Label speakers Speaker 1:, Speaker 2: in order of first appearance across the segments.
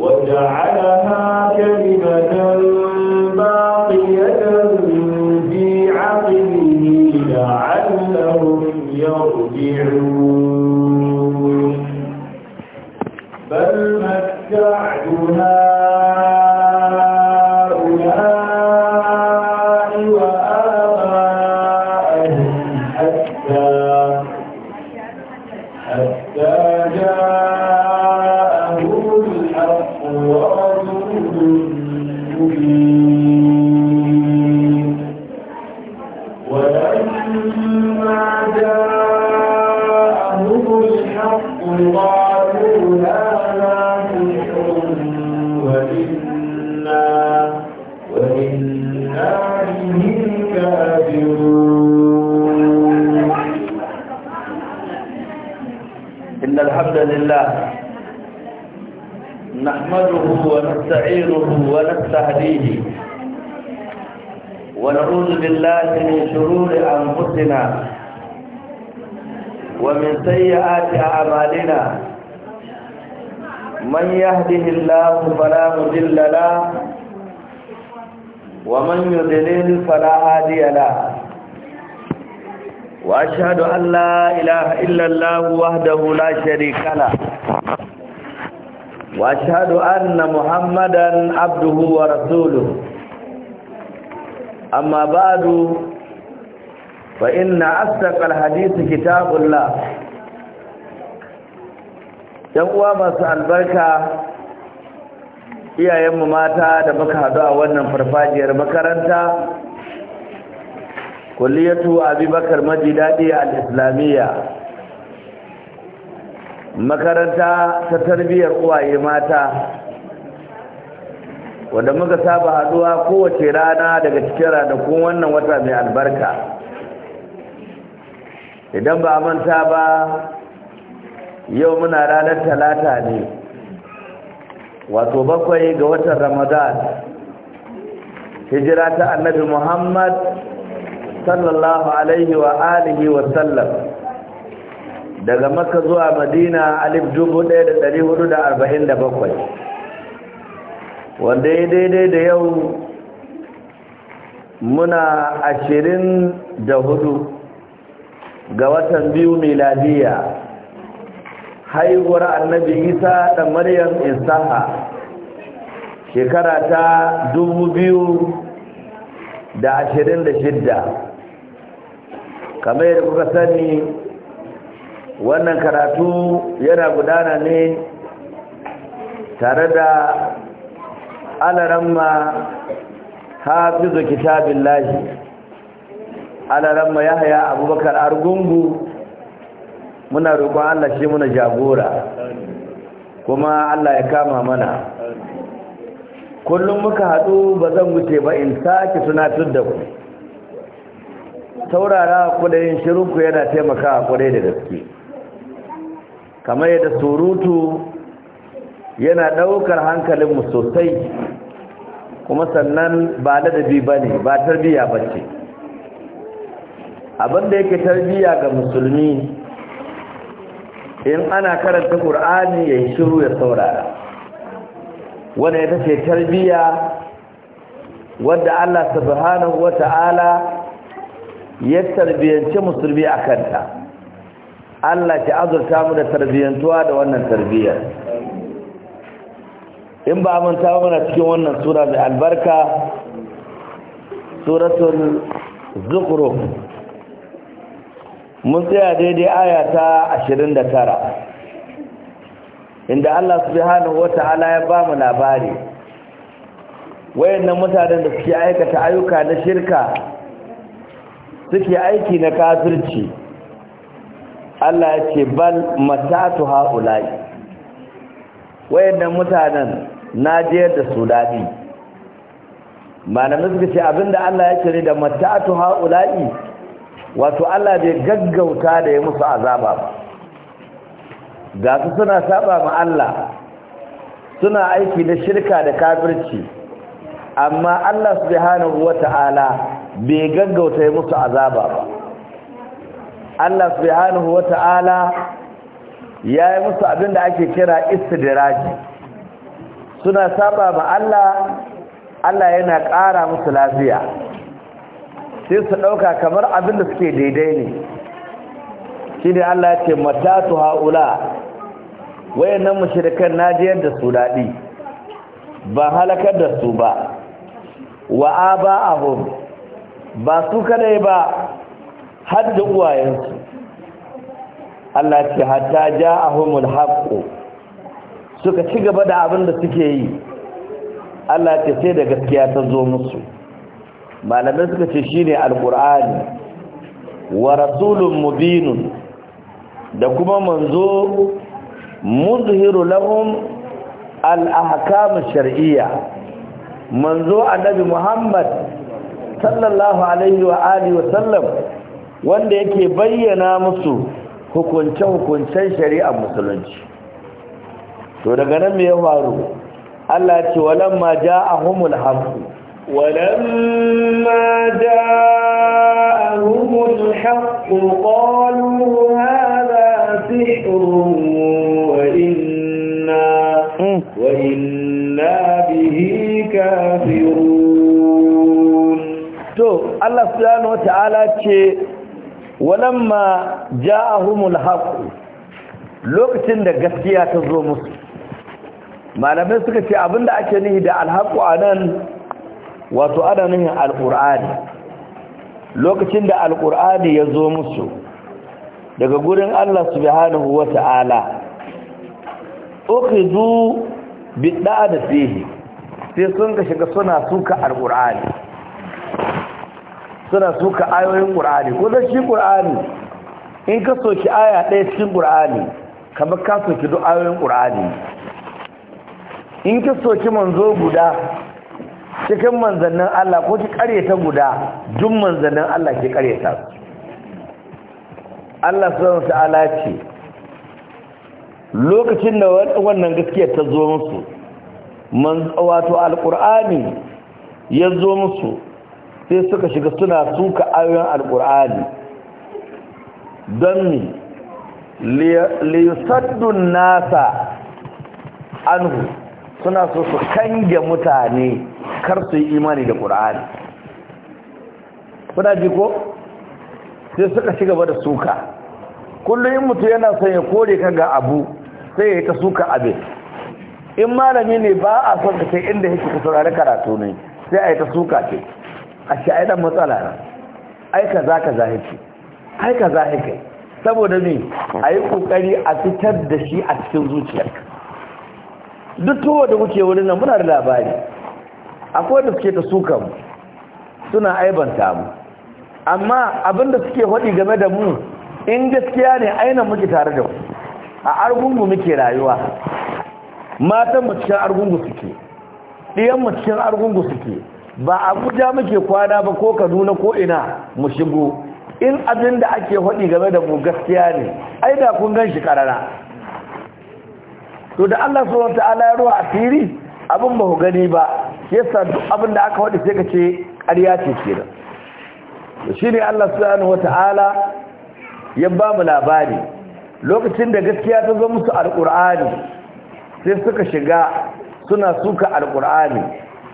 Speaker 1: وجعلها من يهده الله فلا مضل له ومن يضلل فلا هادي له واشهد ان لا اله الا الله وحده لا شريك له واشهد ان محمدا عبده ورسوله اما بعد فان اصدق الحديث كتاب الله yan uwa masu albarka iyayenmu mata da muka haɗu a wannan farfajiyar makaranta kulliyatu abubakar maji al-islamiyya makaranta ta tarbiyyar uwaye mata wanda muka saba haɗuwa kowace rana daga cikin ranakun wannan wata mai albarka idan ba manta ba yau muna ranar talata ne wato bakwai ga watan ramadan hijira ta annabi muhammad sallallahu alaihi wa alihi wa sallam daga makka zuwa madina alif dubu ɗaya da ɗari hudu da arba'in da bakwai wanda ya daidai da yau muna ashirin da hudu ga watan biyu miladiya haihuwar annabi isa da maryam isaha shekara ta dubu biyu da ashirin da shidda kamar yadda kuka sani wannan karatu yana gudana ne tare da alaramma hafizu lahi alaramma haya abubakar argungu muna roƙon Allah shi muna jagora kuma Allah ya kama mana kullum muka haɗu ba zan wuce ba in sake tunatar da ku saurara ku shirinku yana taimakawa kwarai da gaske kamar yadda surutu yana ɗaukar hankalinmu sosai kuma sannan ba ladabi ba ne ba tarbiya ba ce abinda yake tarbiya ga musulmi in ana karanta ƙur'ani ya yi shiru ya saurara wanda ya tafi tarbiya wadda Allah subhanahu wa ta'ala ya tarbiyance musulmi a kanta Allah ki azurta mu da tarbiyantuwa da wannan tarbiyyar in ba manta mana cikin wannan sura mai albarka suratul zukhruf mun tsaya daidai aya ta tara, inda Allah subhanahu wata'ala ya ba mu labari wayannan mutanen da suke aikata ayyuka na shirka suke aiki na kafirci Allah ya ce bal matatu haula'i wayannan mutanen na jiyar da su daɗi malamin suka ce abinda Allah ya ce da matatu haula'i wato Allah bai gaggauta da ya musu azaba ba ga su suna saba ma Allah suna aiki da shirka da kafirci amma Allah subhanahu wata'ala bai gaggauta ya musu azaba ba Allah subhanahu wata'ala ya yi musu abin da ake kira istidiraji suna saba ma Allah Allah yana ƙara musu lafiya sai su ɗauka kamar abin da suke daidai ne shi ne Allah ya ce matatu ha'ula wayannan mashirikan najiyar da su daɗi ba halakar da su ba wa'a ba abu ba su kadai ba har da uwayensu Allah ce hatta ja'ahumul haqqu suka ci gaba da abin da suke yi Allah ce sai da gaskiya ta zo musu malamai suka ce shine alqur'ani wa rasulun mubinun da kuma manzo muzhiru lahum al-ahkam shar'iyya manzo annabi muhammad sallallahu alaihi wa alihi wa sallam wanda yake bayyana musu hukunce-hukuncen shari'ar musulunci to daga nan me ya faru Allah ce walamma ja'ahumul haqq ولما جاءهم الحق قالوا هذا سحر وإنا, وإنا به كافرون تو الله سبحانه وتعالى ولما جاءهم الحق lokacin da gaskiya ta zo musu malamai suka ce abinda ake nihi da alhaku a nan wato ana nuhin alƙur'ani lokacin da alƙur'ani ya zo musu daga gurin Allah subhanahu wa ala ukhidhu da fihi sai sun ka shiga suna suka alƙur'ani suna suka ayoyin ƙur'ani ko da shi ƙur'ani in ka soki aya ɗaya cikin ƙur'ani kamar ka soki duk ayoyin ƙur'ani in ka soki manzo guda cikin manzannin Allah ko ki karyata guda duk manzannin Allah ki karyata Allah subhanahu ta'ala ce lokacin da wannan gaskiya ta zo musu wato alqur'ani ya zo musu sai suka shiga suna suka ayoyin alqur'ani don ni liyusaddun nasa anhu suna so su kange mutane kar su yi imani da ƙura'ani kuna ji ko sai suka ci gaba da suka kullum in mutum yana son ya kore kan ga abu sai ya yi ta suka abe in malami ne ba a son ka ce inda yake ka saurari karatu ne sai a yi ta suka ce a shi a yi dan matsala na ai za ka zahiki ai ka zahiki saboda ne a yi kokari a fitar da shi a cikin zuciyarka duk tuwa da kuke wurin nan muna da labari akwai da suke ta sukan suna aibanta mu amma abinda suke hodi game da mu in gaskiya ne aina muke tare da ku a argungu muke rayuwa matan mu cikin argungu suke ɗiyan mu cikin argungu suke ba abuja muke kwana ba ko kaduna ko ina mu shigo in abin da ake haɗi game da mu gaskiya ne ai da kun gan shi karara to da Allah subhanahu ta'ala ya ruwa asiri abin ba ku gani ba yasa duk abin da aka wadi sai ka ce ƙarya ce kenan shi ne Allah subhanahu wata'ala ya ba mu labari lokacin da gaskiya ta zo musu alƙur'ani sai suka shiga suna suka alƙur'ani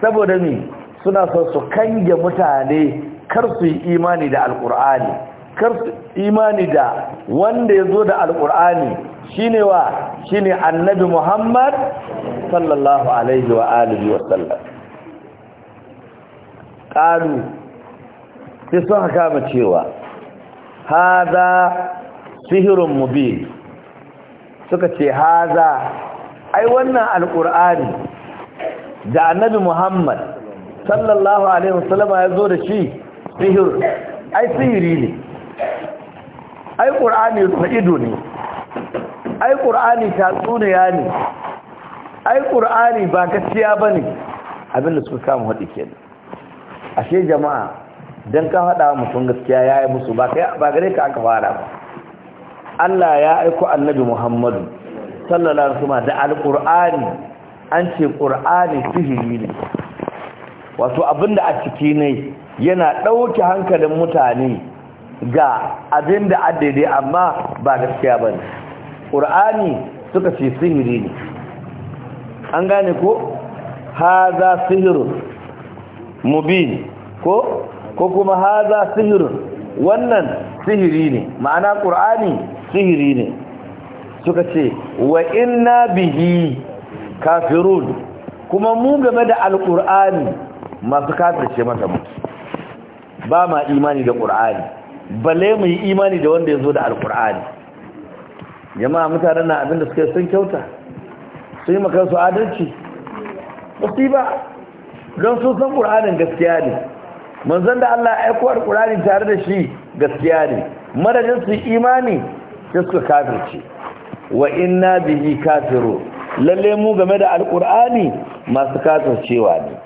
Speaker 1: saboda ne suna so su kange mutane kar su yi imani da alƙur'ani kar su imani da wanda ya zo da alkur'ani shine wa shine annabi muhammad sallallahu alaihi wa alihi wa ƙalu sai sun kama cewa haza sihirun mubin suka ce haza ai wannan alƙur'ani da annabi muhammad sallallahu alaihi wasallama ya zo da shi sihir ai sihiri ne ai ƙur'ani ido ne ai ƙur'ani tatsuniya ne ai ƙur'ani ba gaskiya ba ne abinda suka kama haɗi kenan ashe jama'a don ka faɗa mutum gaskiya ya yi musu ba gare ka aka fara ba Allah ya aiko annabi Muhammadu sallallahu alaihi wasallam da alqur'ani an ce qur'ani sihiri ne wato abinda a ciki ne yana ɗauke hankalin mutane ga abinda addade amma ba gaskiya bane qur'ani suka ce sihiri ne an gane ko haza sihirun mubin ko ko kuma haza sihirin wannan sihiri ne ma'ana qur'ani sihiri ne suka ce wa inna bihi kafirun kuma mu game da alqur'ani masu kafirce masa mu ba ma imani da qur'ani balle mu yi imani da wanda yazo da alqur'ani jama'a mutanen nan abinda suke sun kyauta sai su adalci ba. don sun san ƙur'anin gaskiya ne manzon da Allah ya aiko alƙur'ani tare da shi gaskiya ne madadin su imani da suka kafirce wa inna bihi kafiru lalle mu game da alƙur'ani masu kafircewa ne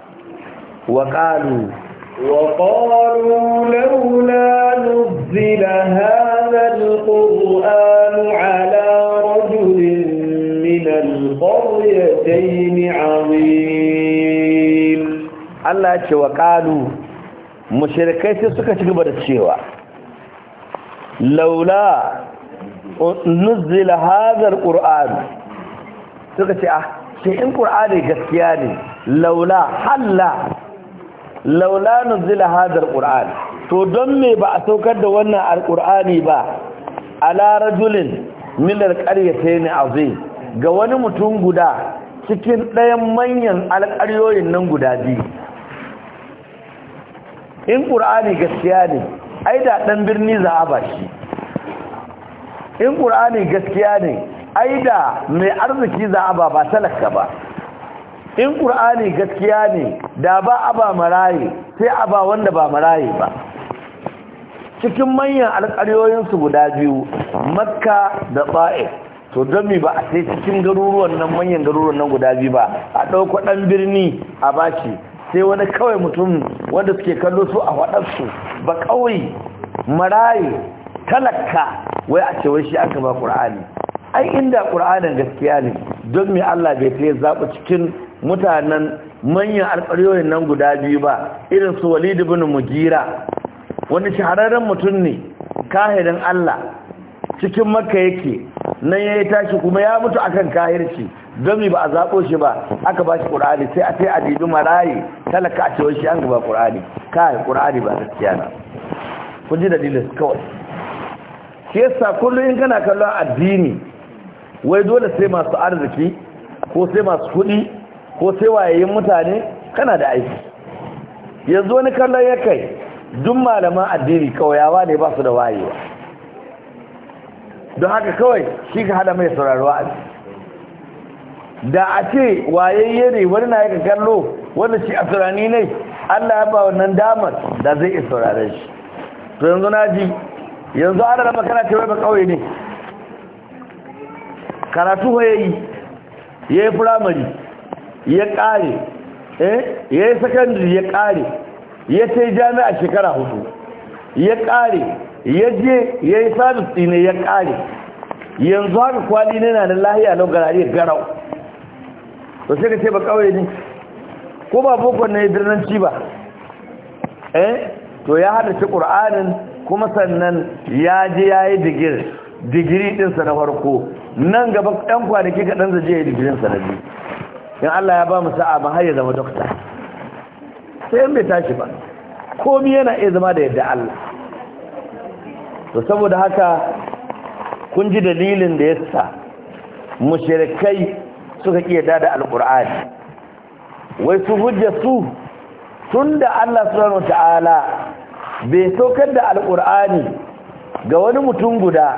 Speaker 1: wa ƙalu wa qalu laula nuzila hada alqur'anu ala rajulin min alqaryatayn Allah ya ce wa qalu mushrikai sai suka ci gaba da cewa laula nuzila hadha alquran suka ce ah sai in qur'ani gaskiya ne laula halla laula nuzila hadha alquran to don me ba a saukar da wannan alqur'ani ba ala rajulin min a azim ga wani mutum guda cikin ɗayan manyan alƙaryoyin nan guda biyu in ƙur'ani gaskiya ne ai da ɗan birni za a ba shi in ƙur'ani gaskiya ne ai da mai arziki za a ba ba talaka ba in ƙur'ani gaskiya ne da ba a ba maraye sai a ba wanda ba maraye ba cikin manyan alƙaryoyinsu guda biyu makka da ba'e to don mi ba a sai cikin garuruwan nan manyan garuruwan nan guda biyu ba a ɗauko ɗan birni a bashi sai wani kawai mutum wanda suke kallo su a waɗansu ba kawai maraye talaka wai a cewar shi aka ba ƙur'ani ai inda ƙur'anin gaskiya ne don me Allah bai ta zaɓi cikin mutanen manyan alƙaryoyin nan guda biyu ba irin su Walidu bin mugira wani shahararren mutum ne kahirin Allah cikin makka yake nan ya tashi kuma ya mutu akan kahirci don ba a zaɓo shi ba aka ba shi ƙur'ani sai a sai a dibi marayi talaka a cewa shi an gaba ƙur'ani kai ƙur'ani ba gaskiya na kun ji dalilin kawai shi yasa kullum in kana kallon addini wai dole sai masu arziki ko sai masu kuɗi ko sai wayayin mutane kana da aiki yanzu wani kallon ya kai duk malaman addini kauyawa ne ba su da wayewa don haka kawai shi ka hada mai sauraruwa a da a ce wayayye ne wani na yaka kallo wanda shi a saurani ne allah ya ba wannan damar da zai iya saurare shi to yanzu na ji yanzu ana da makana ce wai ba kawai ne karatu ya eh, yi ya yi firamari ya kare ya yi sakandiri ya kare ya ce jami'a shekara hudu ya kare ya je ya yi sabis ne ya kare yanzu haka kwali ne na da lahiya lau garari garau to sai ka ce ba kawai ne ko ba bukwan na birnanci ba eh to ya hada shi qur'anin kuma sannan ya je ya yi digir digiri ɗinsa na farko nan gaba ɗan kwanaki ɗan zaje ya yi digirinsa na biyu in Allah ya ba mu sa'a ba har ya zama dokta sai in bai tashi ba komi yana iya zama da yadda Allah to saboda haka kun ji dalilin da yasa mushrikai suka kiyada da alqur'ani wai su hujja su tun da Allah subhanahu wataala bai saukar da alqur'ani ga wani mutum guda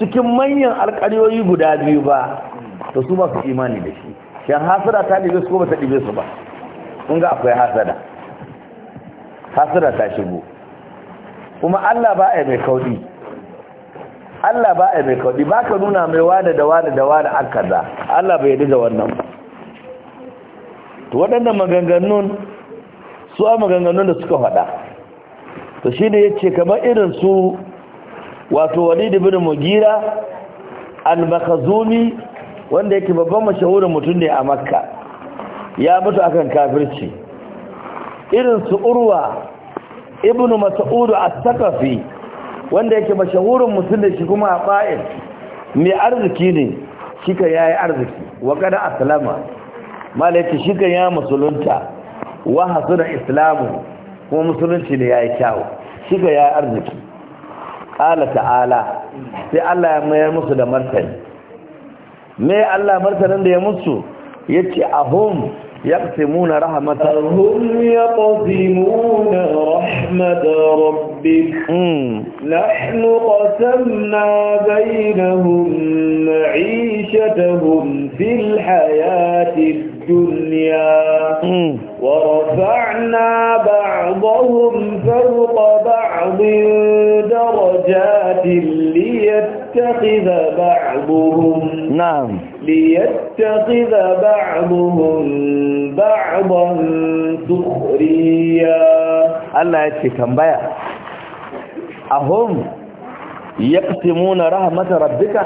Speaker 1: cikin manyan alƙaryoyi guda biyu ba to su ba su imani da shi shan hasara ta ɗibe su ko ba ta ɗibe su ba kun ga akwai hasada Hasara ta shigo kuma Allah ba a mai kauɗi Allah ba a mai kaudi ba ka nuna mai wane da wane da wane an kaza Allah bai da wannan to waɗannan maganganun su a maganganun da suka faɗa to shi ne ya ce kamar irin su wato wani da mugira al-makazumi wanda yake babban mashahurin mutum ne a makka ya mutu akan kafirci irin su urwa ibnu mas'udu a takafi wanda yake mashahurin mutum da shi kuma a fa'il mai arziki ne shi kan yi arziki wa kada aslama malaka shi kan ya musulunta wa hasuna islamu kuma musulunci ne ya yi kyau shi kan yi arziki ƙala ta'ala sai Allah ya mayar musu da martani me Allah martanin da ya musu a ahum يقسمون رحمة هم يقسمون رحمة ربك مم. نحن قسمنا بينهم معيشتهم في الحياة الدنيا مم. ورفعنا بعضهم فوق بعض درجات ليتخذ بعضهم نعم ليتخذ بعضهم بعضا سخريا الله يتي تنبيه أهم يقسمون رحمة ربك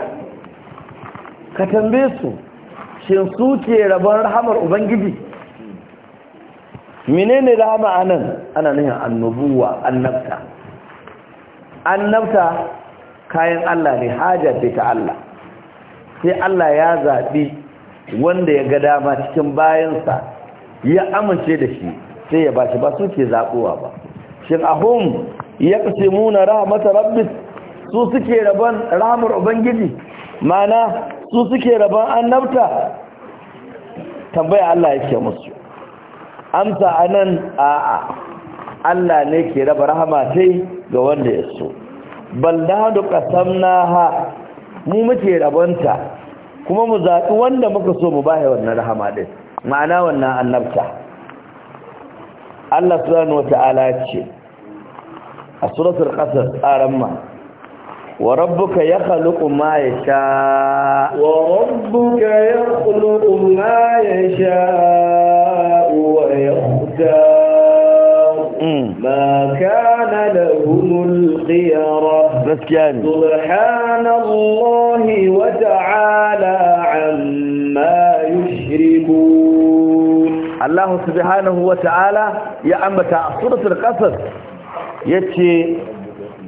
Speaker 1: كتنبيسوا shin su ke rabon rahamar ubangiji menene rahama anan ana nuna annubuwa annabta annabta kayan Allah ne hajar ta Allah sai Allah ya zaɓi wanda ya ga dama cikin bayansa ya amince da shi sai ya bashi ba su ke zaɓuwa ba shin ahum ya ƙashe muna rahamata rabbis su suke rabon rahmar ubangiji mana su suke rabon annabta tambaya Allah ya ke musu amsa a anan a'a Allah ne ke raba rahama ga wanda ya so bal da ha, mu muke rabonta kuma mu zaɓi wanda muka so mu baya wannan rahama ɗin ma'ana wannan annabta Allah subhanahu wata'ala ce a suratul qasas aramma wa rabbuka yakhluqu ma yasha wa rabbuka yakhluqu ma yasha wa yakhtar hmm. ma kana lahumul khiyara gaskiya ne subhanallahi wa Allah subhanahu wa ta'ala ya ambata a suratul Ya yace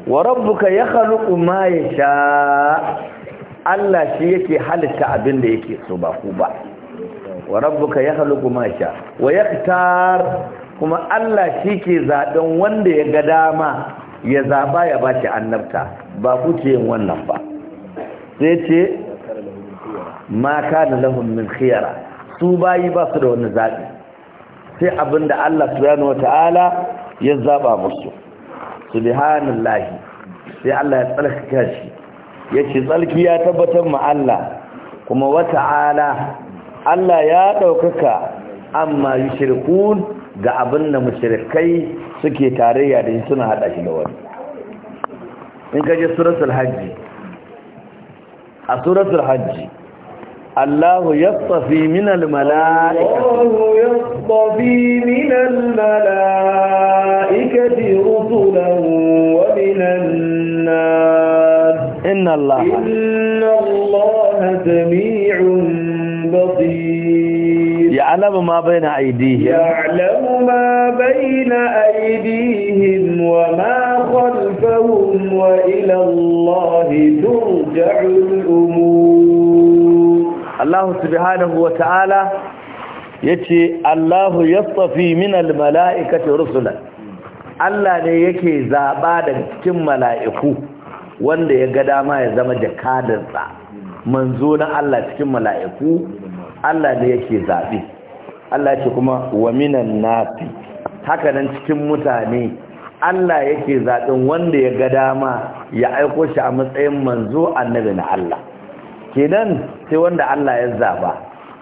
Speaker 1: wa rabbuka yakhluqu ma yasha Allah shi yake halitta abin da yake so ba ku ba wa rabbuka yakhluqu ma yasha wa yaktar kuma Allah shi ke zaben wanda ya ga dama ya zaba ya bashi annabta ba ku ce yin wannan ba sai ce ma da lahum min khiyara su bayi ba su da wani zaɓi. sai abinda Allah subhanahu wata'ala ya zaba musu subhanallahi sai Allah ya tsalkaka shi yace tsarki ya tabbatar ma Allah kuma wata'ala Allah ya daukaka amma yushrikun ga abinda mushrikai suke tarayya da suna hada shi da wani in kaje suratul hajji a suratul hajji الله يصطفي من الملائكة الله يصطفي من الملائكة رسلا ومن الناس إن الله إن الله سميع بصير يعلم ما بين أيديهم يعلم ما بين أيديهم وما خلفهم وإلى الله ترجع الأمور Allah subhanahu wa ta'ala yace Allahu tsafi min ta rusulan Allah ne yake zaɓa da cikin mala'iku wanda ya ga dama ya zama jakadarsa, manzo na Allah cikin mala'iku Allah ne yake zaɓe. Allah ce kuma wa minan nasi haka nan cikin mutane Allah yake zaɓin wanda ya ga dama ya aiko shi a matsayin manzo annabi na Allah kenan sai wanda Allah ya zaba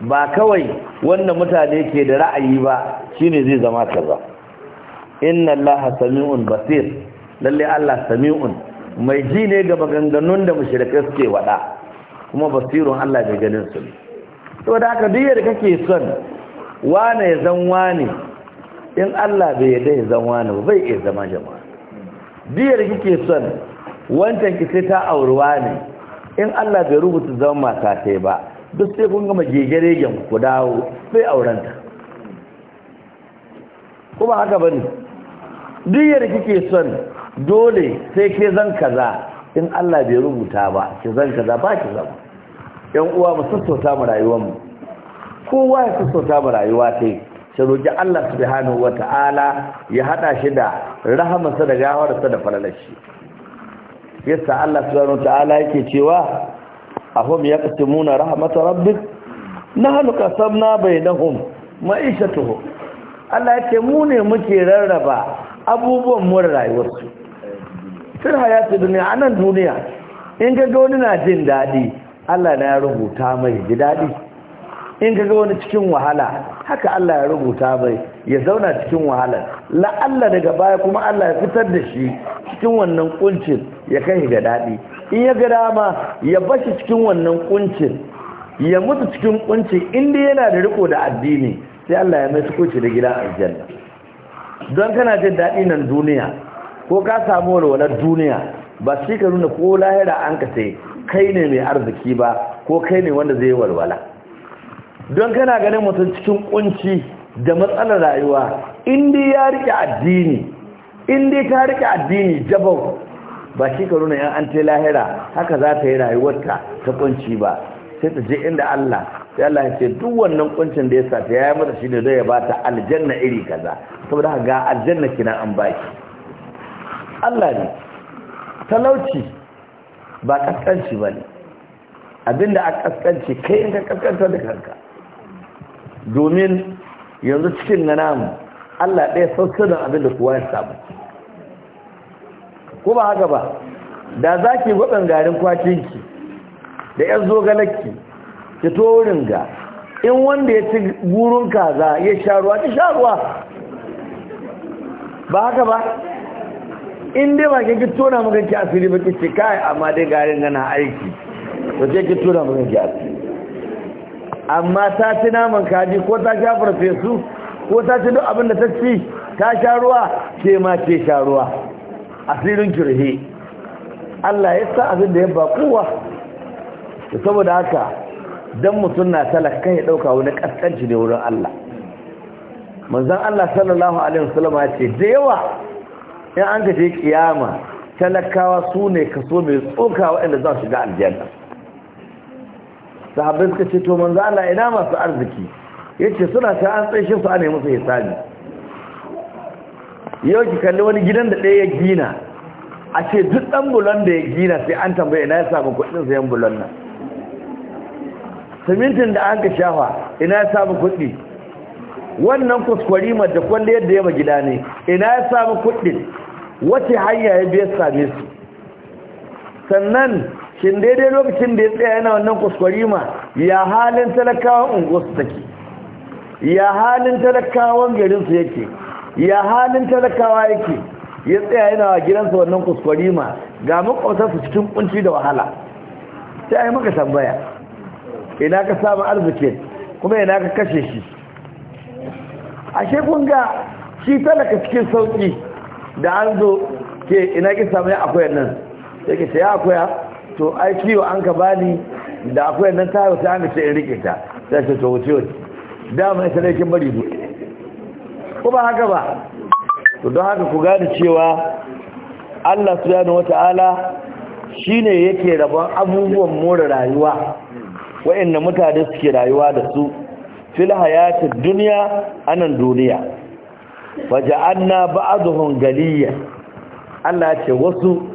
Speaker 1: ba kawai wanda mutane ke da ra'ayi ba shine zai zama kaza inna allaha sami'un basir lalle Allah sami'un mai ji ne ga maganganun da mushrike suke wada kuma basirun Allah bai ganin su to da haka duk yadda kake son wane ya zan wane in Allah bai yadda ya zan wane bai iya zama jama'a duk yadda kake son wancan ki sai ta aurwa ne in Allah bai rubuta zama mata sai ba duk sai kun gama gegeregen ku dawo sai aurenta kuma haka bane duk yadda kike son dole sai ke zan kaza in Allah bai rubuta ba ki zan kaza ba ki zama yan uwa mu sassauta mu rayuwar mu kowa ya sassauta mu rayuwa ta shi roki Allah subhanahu wataala ya hada shi da rahamarsa da gawarsa da falalashi yasa Allah subhanahu ta'ala yake cewa ahum yaqtimuna rahmat rabbik nahnu qasamna bainahum ma'ishatuhum Allah yake mu ne muke rarraba abubuwan mu rayuwarsu tun hayatu duniya anan duniya in ga wani na jin dadi Allah na ya rubuta mai ji dadi in ga wani cikin wahala haka Allah ya rubuta bai ya zauna cikin wahala la'alla daga baya kuma Allah ya fitar da shi cikin wannan kuncin ya kai ga daɗi in ya ga dama ya bashi cikin wannan kuncin ya mutu cikin kuncin inda yana da riko da addini sai Allah ya mai sukuci da gidan aljanna don kana jin daɗi nan duniya ko ka samu walwalar duniya ba shi ka nuna ko lahira an ka sai kai ne mai arziki ba ko kai ne wanda zai walwala don kana ganin mutum cikin kunci da matsalar rayuwa inda ya rike addini inda ta rike addini jabau ba shi ka runa yan an te lahira haka za ta yi rayuwarta ta kunci ba sai ta je inda Allah sai Allah ya ce duk wannan kuncin da ya sa ta yaya mata shi ne zai ba ta aljanna iri kaza saboda haka ga aljanna kina an baki Allah ne talauci ba kaskanci ba ne abinda a kaskanci kai in ka kaskanta da kanka domin yanzu cikin na namu Allah ɗaya sassanin abin da kowa ya samu ko ba haka ba da za ki gwaɓin garin kwakinki da ‘yan zogalakki ki torin ga in wanda ya ci burin kaza ya sha ruwa ki sha ruwa ba haka ba in dai ba ki tona maka ki asiri ba ki ce kai amma dai garin gana aiki ba sai ki tona maka ki asiri amma ta ci naman kaji ko ta sha farfesu ko ta ci duk abin da ta ci ta sha ruwa ce ma ce sha ruwa asirin kirhe Allah ya sa abin da ya ba kowa saboda haka dan mutum na talaka ya dauka wani kaskanci ne wurin Allah manzon Allah sallallahu alaihi wasallam ya ce da yawa in an ka je kiyama talakawa sune, ne kaso mai tsoka waɗanda za su shiga aljanna sahabbai suka ce to manzo Allah ina masu arziki yace suna ta an tsaye su ana musu hisabi yau ki kalli wani gidan da ɗaya ya gina a ce duk ɗan bulon da ya gina sai an tambaye ina ya samu kuɗin sayan bulon nan simintin da an ka shafa ina ya samu kuɗi wannan kuskwari da kwalle yadda ya gida ne ina ya samu kuɗin wace hanya ya biya same su sannan shin daidai lokacin da ya tsaya yana wannan kuskurima ya halin talakawan unguwarsu take ya halin talakawan garinsu yake ya halin talakawa yake ya tsaya yana wa gidansa wannan kuskurima ga makwautarsu cikin kunci da wahala sai a yi maka tambaya ina ka samu arzikin kuma ina ka kashe shi ashe kun ga shi talaka cikin sauki da an zo ke ina ki samu ya akwai nan sai ke ya akwai to ai kiyo an ka bani da akwai nan ta wata an ce in rike ta sai ce to wuce wuce Da mai sai kin bari bu ko ba haka ba to don haka ku gane cewa Allah subhanahu wata'ala shine yake rabon abubuwan more rayuwa wa'anda mutane suke rayuwa da su fil hayati dunya anan duniya waja'alna ba'dhum galiyya Allah ya ce wasu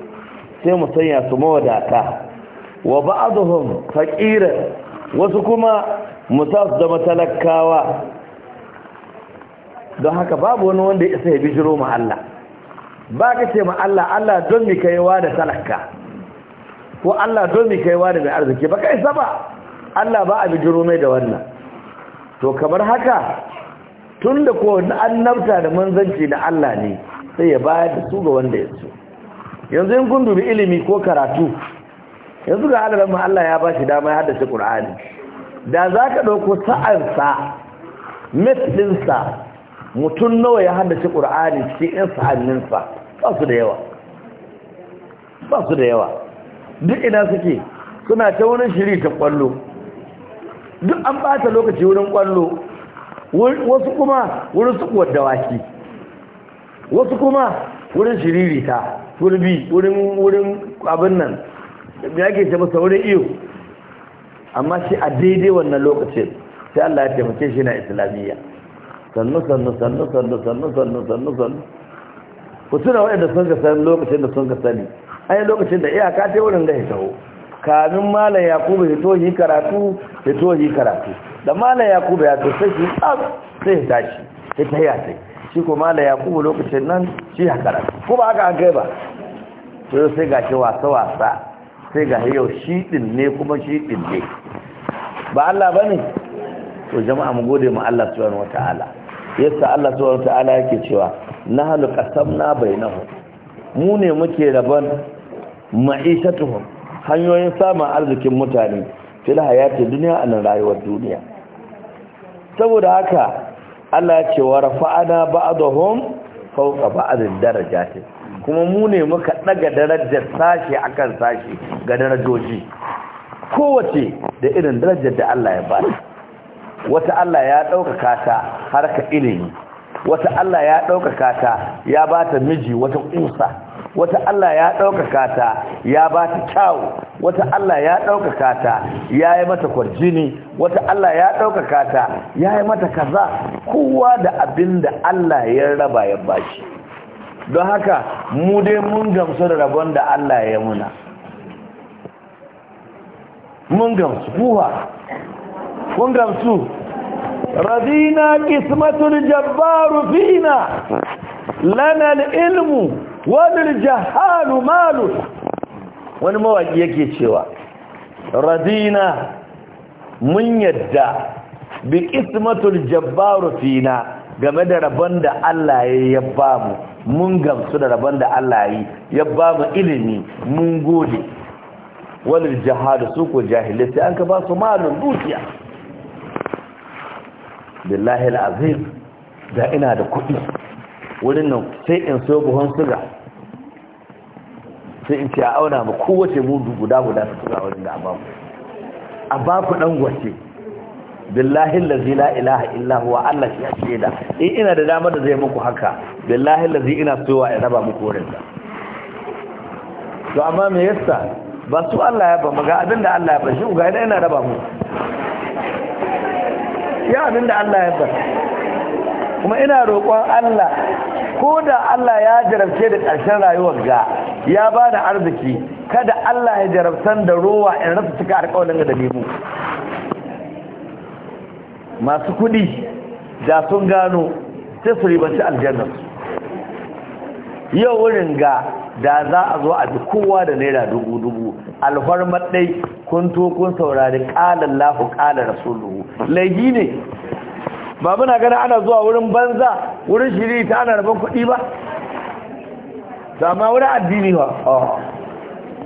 Speaker 1: sai mu sanya su mawadata wa ba'dhum faqiran wasu kuma musas da matalakawa don haka babu wani wanda ya isa ya bijiro ma Allah ba ka ce ma Allah Allah don mi wa da talaka ko Allah don mi wa da mai arziki ba kai saba Allah ba a bijiro mai da wannan to kamar haka tun da an annabta da manzanci na Allah ne sai ya bayar da su ga wanda ya so yanzu in kun dubi ilimi ko karatu yanzu ga adadin mu Allah ya ba shi dama ya haddace Qur'ani da za ka ɗauko sa'ansa mitsinsa mutum nawa ya haddace Qur'ani cikin yan sa'anninsa ba su da yawa ba su da yawa duk ina suke suna ta wurin shiri ta kwallo duk an bata lokaci wurin kwallo wasu kuma wurin kuwa dawaki wasu kuma wurin shiririta gurbi wurin wurin abin nan ya ke ce masa wurin iyo amma shi a daidai wannan lokacin sai Allah ya taimake shi na islamiyya sannu sannu sannu sannu sannu sannu sannu sannu ku tuna waɗanda sun ka sani lokacin da sun ka sani ai lokacin da iyaka ta wurin da ya taho kamin malam yakubu ya to yi karatu ya to yi karatu da malam yakubu ya to sai shi sai ya tashi ya tahiya sai shi ko mala yakubu lokacin nan shi hakara ko ba haka an kai ba to sai ga shi wasa wasa sai ga yau shi din ne kuma shi din ne ba Allah bane to jama'a mu gode mu Allah subhanahu wataala yasa Allah subhanahu wataala yake cewa nahnu qasamna bainahu mu ne muke rabon ma'isatuhum hanyoyin samun arzikin mutane fil hayati duniya anan rayuwar duniya saboda haka Allah ce wa rafa'ana ba'dahum fawqa daraja ce. kuma mu ne muka ɗaga darajar sashi akan sashi ga darajoji kowace da irin darajar da Allah ya ba wata Allah ya ɗaukaka ta harka ilimi wata Allah ya ɗaukaka ta ya bata miji wata ƙusa. wata Allah ya ɗaukaka ta ya ba ta kyawu wata Allah ya ɗaukaka ta ya yi mata kwarjini wata Allah ya ɗaukaka ta ya yi mata kaza kowa da abin da Allah ya raba ya bashi don haka mu dai mun gamsu da rabon da Allah ya muna mun gamsu kuwa kun gamsu radina kismatul jabbaru fina lana ilmu wani jahalu malu wani mawaki yake cewa radina mun yadda bi ismatul jabbaru fina game da rabon da Allah ya yabba mu mun gamsu da rabon da Allah ya yabba mu ilimi mun gode walil jahalu su ko jahili sai an ka ba su malun dukiya billahi alazim da ina da kuɗi wurin nan sai in so buhun suga sai in ce a auna ba kowace mudu guda guda su tura wajen da abaku abaku dan gwace billahi lazi la ilaha illahu wa Allah shi ake da in ina da damar da zai muku haka billahi lazi ina soyawa ya raba muku wurin da to amma me yasa ba su Allah ya ba maga abinda Allah ya ba shi ga ina ina raba mu? ya abinda Allah ya ba kuma ina roƙon Allah ko da Allah ya jarabce da ƙarshen rayuwar ga ya ba da arziki kada Allah ya jarabtan da ruwa in rasa cika alƙawarin da nemo masu kuɗi da sun gano sai su aljannar yau wurin ga da za a zo a bi kowa da naira dubu-dubu alfarmar ɗai kun to kun saurari ƙalar lafi ƙalar rasuluhu laifi ne ba muna gani ana zuwa wurin banza wurin shiri ta ana rabon kuɗi ba da wani addini ba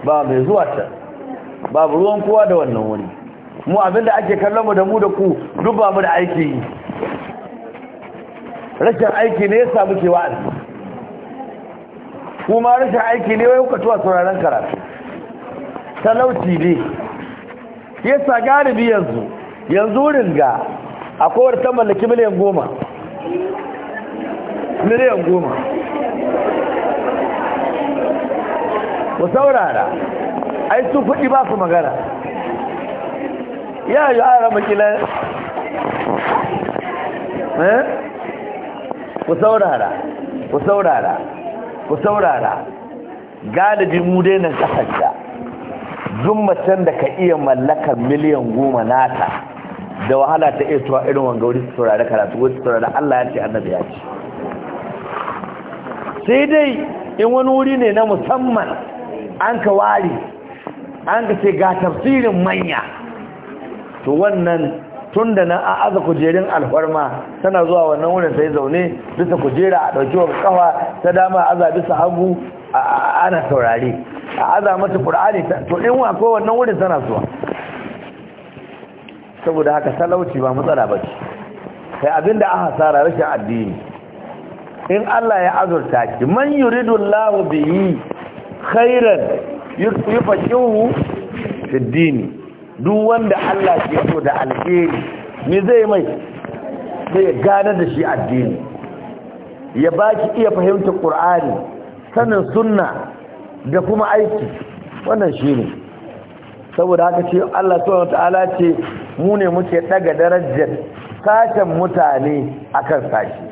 Speaker 1: ba mai zuwa ta ba ruwan kowa da wannan wani mu abinda ake kallon mu da mu da ku duk mu da aiki yi rashin aiki ne yasa muke wa'azi kuma rashin aiki ne wai kuka tuwa sauraron karatu talauci ne yasa galibi yanzu yanzu ringa akwai kowar ta mallaki miliyan goma miliyan goma ku saurara ai su kuɗi ba su magana ya yi ara makila eh? ku saurara ku saurara ku saurara galibi mu dai nan kasanta can da ka iya mallakar miliyan goma nata da wahala ta iya tuwa irin wanga wuri su saurari karatu wuri su saurari Allah ya ce annabi ya ce sai dai in wani wuri ne na musamman an ka ware an ka ce ga tafsirin manya to wannan tun da na a aza kujerin alfarma tana zuwa wannan wurin sai zaune bisa kujera a ɗauki wa kafa ta dama a aza bisa hagu ana saurare a aza mata ƙur'ani to in wa ko wannan wurin tana zuwa saboda haka talauci ba matsala ba ce sai abinda aka hasara rashin addini in Allah ya azurta ki man bai bihi khairan yufaqihu fi dini duk wanda Allah ke so da alheri me zai mai sai ya gane da shi addini ya baki iya fahimtar Qur'ani sanin sunna da kuma aiki wannan shine saboda haka ce Allah subhanahu wataala ce mu ne muke daga darajar sashen mutane akan sashi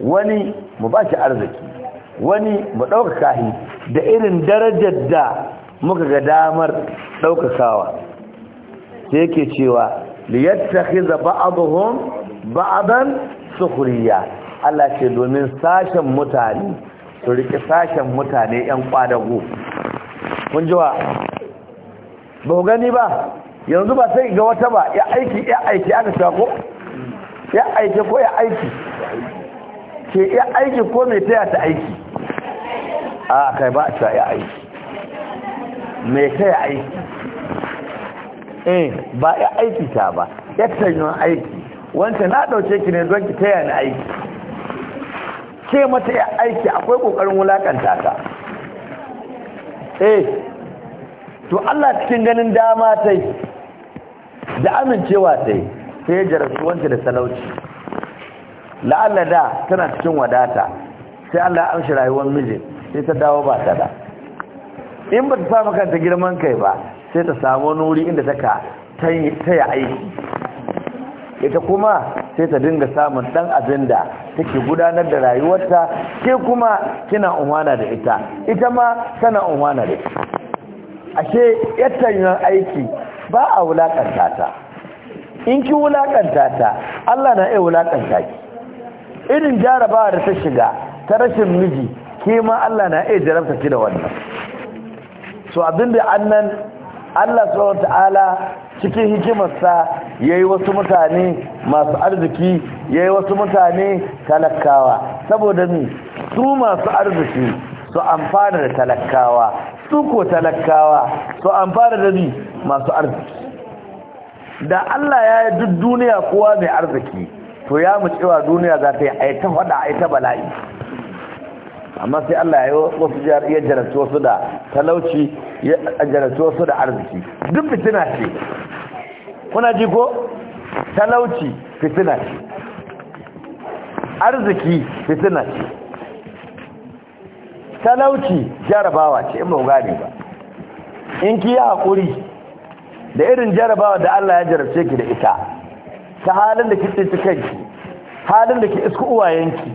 Speaker 1: wani mu ba shi arziki wani mu ɗaukaka shi da irin darajar da muka ga damar ɗaukakawa sai yake cewa liyattakhiza ba'dhum su sukhriya Allah ce domin sashen mutane su rike sashen mutane ƴan kwadago kun jiwa ba gani ba yanzu ba sai ga wata ba ya aiki ya aiki aka ta ko ya aiki ko ya aiki ke ya aiki ko mai taya ta aiki a kai ba a yi aiki me ta yi aiki eh ba ya aiki ta ba ya tanyar aiki wancan na ɗauke ki ne don ki taya ni aiki Ke mata ya aiki akwai ƙoƙarin wulaƙanta ta eh to Allah cikin ganin dama sai da amincewa ta yi sai ya jarasu wanda da talauci la'alla da tana cikin wadata sai Allah ya amshi rayuwar mijin sai ta dawo ba ta da in ba ta samu kanta girman kai ba sai ta samu wani wuri inda ta taya aiki ita kuma sai ta dinga samun dan abin da take gudanar da rayuwarta ke kuma kina umana da ita ita ma tana umana da ita ashe aiki ba a wulakanta ta in ki wulakanta ta Allah na iya wulakanta ki irin jarabawa da ta shiga ta rashin miji ke Allah na iya jarabta ki da wannan so abinda annan Allah subhanahu ta'ala cikin hikimarsa yayi wasu mutane masu arziki yayi wasu mutane talakawa saboda ni su masu arziki su amfana da talakawa su ko talakawa su amfana da ni masu arziki da Allah ya yi duk duniya kowa mai arziki to ya mu cewa duniya za ta yi aita faɗa aita bala'i amma sai Allah ya yi wasu ya wasu da talauci ya jarabta wasu da arziki duk fitina ce kuna ji ko talauci fitina ce arziki fitina ce talauci jarabawa ce in ba gane ba in ki yi haƙuri da irin jarabawa da Allah ya jarabce ki da ita ta halin da ki tsinci kanki halin da ki isku uwayenki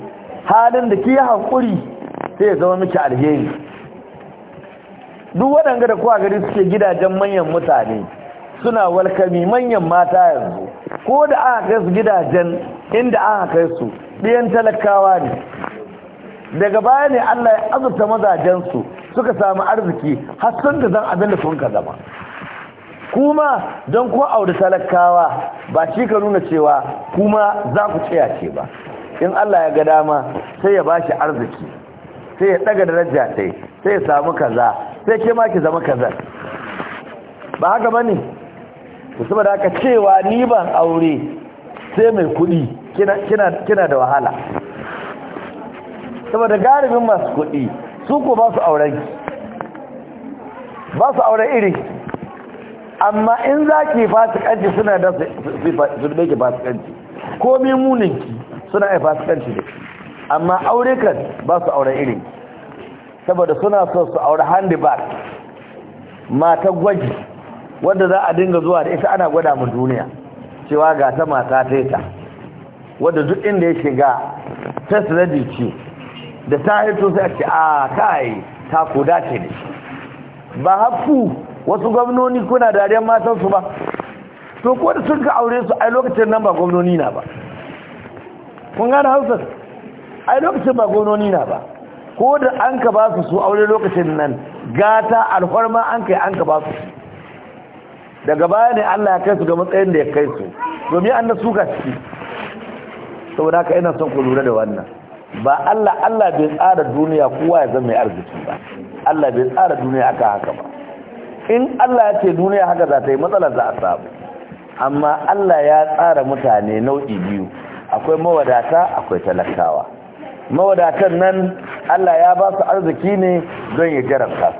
Speaker 1: halin da ki yi haƙuri sai ya zama miki alheri duk waɗanda da kuwa gari suke gidajen manyan mutane suna walkami manyan mata yanzu ko da aka kai su gidajen inda aka kai su ɗiyan talakawa ne daga baya ne Allah ya azurta mazajensu suka samu arziki har sun da zan abin da sun ka zama kuma don ko auri talakawa ba shi ka nuna cewa kuma za ku tsaya ce ba in Allah ya ga dama sai ya ba shi arziki sai ya daga daraja ta yi sai ya samu kaza sai ke ma ki zama kaza ba haka ba ne musamman da aka cewa ni ban aure sai mai kudi kina da wahala saboda garibin masu kudi su ko ba su auren ba su auren iri amma in za ki fasikanci suna da su da ke fasikanci komi muninki suna ya fasikanci da amma aure kan ba su aure irin saboda suna so su aure handbag mata gwaji wadda za a dinga zuwa da ita ana gwada mu duniya cewa ga ta mata taita wadda duk inda ya shiga ta siradi ce da ta hito sai a ce a kai ta koda ce ne ba hafu wasu gwamnoni kuna dariyar matansu ba to kodin sun ka aure su ai lokacin nan ba gwamnoni na ba kun gane hausar a lokacin ba gononi na ba ko da an ka ba su aure lokacin nan gata alfarma an kai an ka ba su daga baya ne Allah ya kai su ga matsayin da ya kai su domin an na suka ciki saboda ka ina son ku lura da wannan ba Allah Allah bai tsara duniya kowa ya zama mai arziki ba Allah bai tsara duniya aka haka ba in Allah ya ce duniya haka za ta yi matsala za a samu amma Allah ya tsara mutane nau'i biyu akwai mawadata akwai talakawa mawadatan nan Allah ya ba su arziki ne don ya jarabta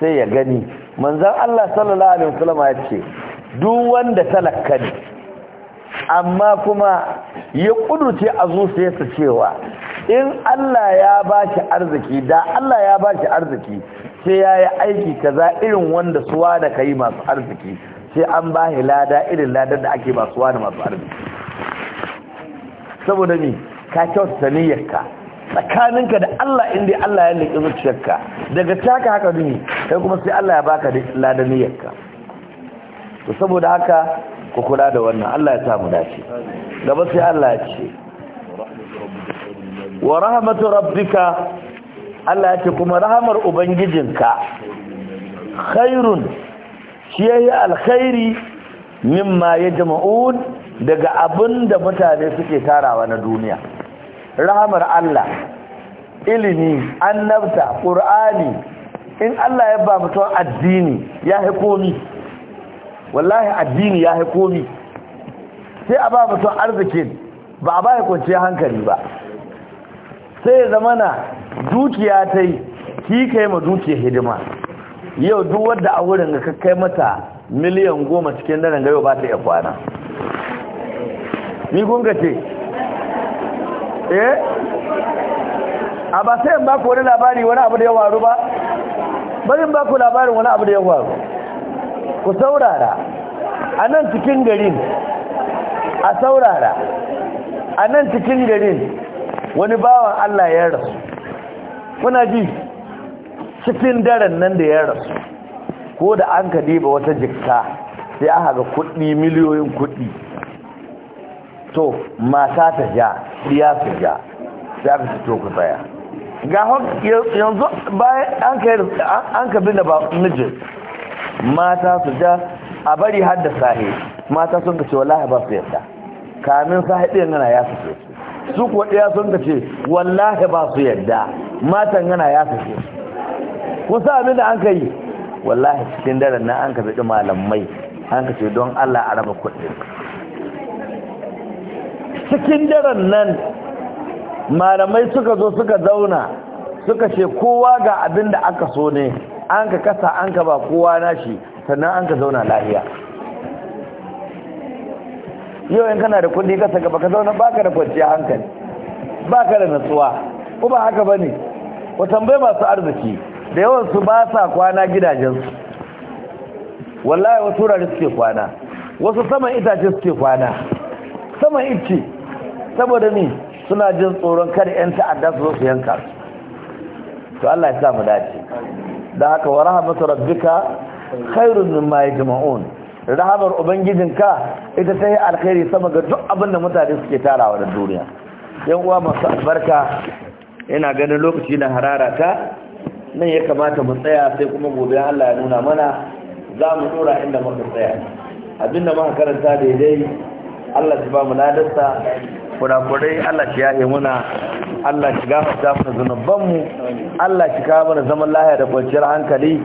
Speaker 1: sai ya gani manzan Allah sallallahu alaihi wasallam ya ce duk wanda talakka ne amma kuma ya kudurce a zuciyarsa cewa in Allah ya ba shi arziki da Allah ya ba shi arziki sai ya yi aiki kaza irin wanda suwa da ka yi masu arziki sai an ba lada irin ladar da ake ba da masu arziki saboda ne ka kyautata niyyarka tsakaninka da Allah inda Allah ya liƙi zuciyarka daga taka haka duni kai kuma sai Allah ya baka ladan niyyarka to saboda haka ku kula da wannan Allah ya samu dace gaba sai Allah ya ce wa rahmatu rabbika Allah ya ce kuma rahamar ubangijinka khairun shi yayi alkhairi mimma yajma'un daga da mutane suke tarawa na duniya rahamar Allah ilimi annabta qur'ani in Allah ya ba mutum addini ya hi komi wallahi addini ya hi komi sai a ba mutum arzikin ba a ba ya kwanciyar hankali ba sai zamana dukiya ta yi ki kai ma dukiya hidima yau duk wadda a wurin ka kai mata miliyan goma cikin daren gayo ba ta iya kwana ni kun ce eh a ba sai in ba ku wani labari wani abu da ya waru ba bari in ba ku labarin wani abu da ya waru ku saurara a nan cikin garin a saurara a nan cikin garin wani bawan Allah ya rasu kuna ji cikin daren nan da ya rasu ko da an ka diba wata jikka sai aka ga kuɗi miliyoyin kuɗi to mata ta ja ya su ja ya ka ci to ku baya ga yanzu bayan an ka bin da ba mijin mata su ja a bari har da sahi mata sun ka ce wallahi ba su yadda kamin sahi ɗin yana ya su ce su kuwa ɗaya sun ka ce wallahi ba su yadda matan yana ya su ce sa abin da an ka yi wallahi cikin daren na an ka bi malamai an ka ce don allah a raba kuɗin cikin daren nan malamai suka zo suka zauna suka ce kowa ga abin da aka so ne an ka kasa an ka ba kowa nashi sannan an ka zauna lahiya yau in kana da kudi kasa gaba ka zauna baka da kwanciya hankali baka da natsuwa ko ba haka bane ku tambaye masu arziki da yawan su ba sa kwana gidajensu wallahi wasu wurare suke kwana wasu saman itace suke kwana saman itace saboda ni suna jin tsoron kada 'yan ta'adda su su yanka su to Allah ya sa mu dace da haka wa rahmatu rabbika khairun mimma yajma'un rahamar ubangijinka ita ta yi alkhairi sama ga duk abin da mutane suke tarawa da duniya yan uwa masu albarka yana ganin lokaci na harara ta nan ya kamata mu tsaya sai kuma gobe Allah ya nuna mana za mu dora inda muka tsaya abinda muka karanta daidai Allah ya ba mu ladarsa kurakurai Allah shi yaye muna Allah shi gafarta mana zunubanmu Allah shi kawo mana zaman lahiya da kwanciyar hankali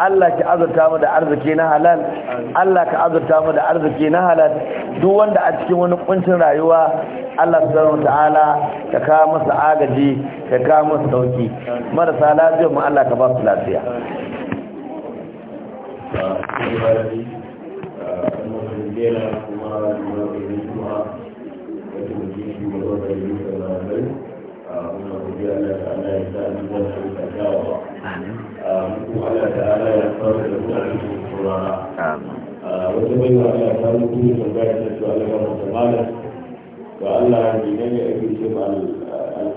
Speaker 1: Allah shi azurta mu da arziki na halal Allah ka azurta mu da arziki na halal duk wanda a cikin wani kuncin rayuwa Allah subhanahu ta'ala ka kawo masa agaji ka kawo masa dauki marasa lafiya mu Allah ka ba su lafiya
Speaker 2: sai Allah ta'ala ya sa ni wannan kyakkyawa ko Allah ta'ala ya fara da wannan kurara wata bai wa Allah ta mutu ne da bayan da Allah ya mutu malam ga Allah ne ne ake ce al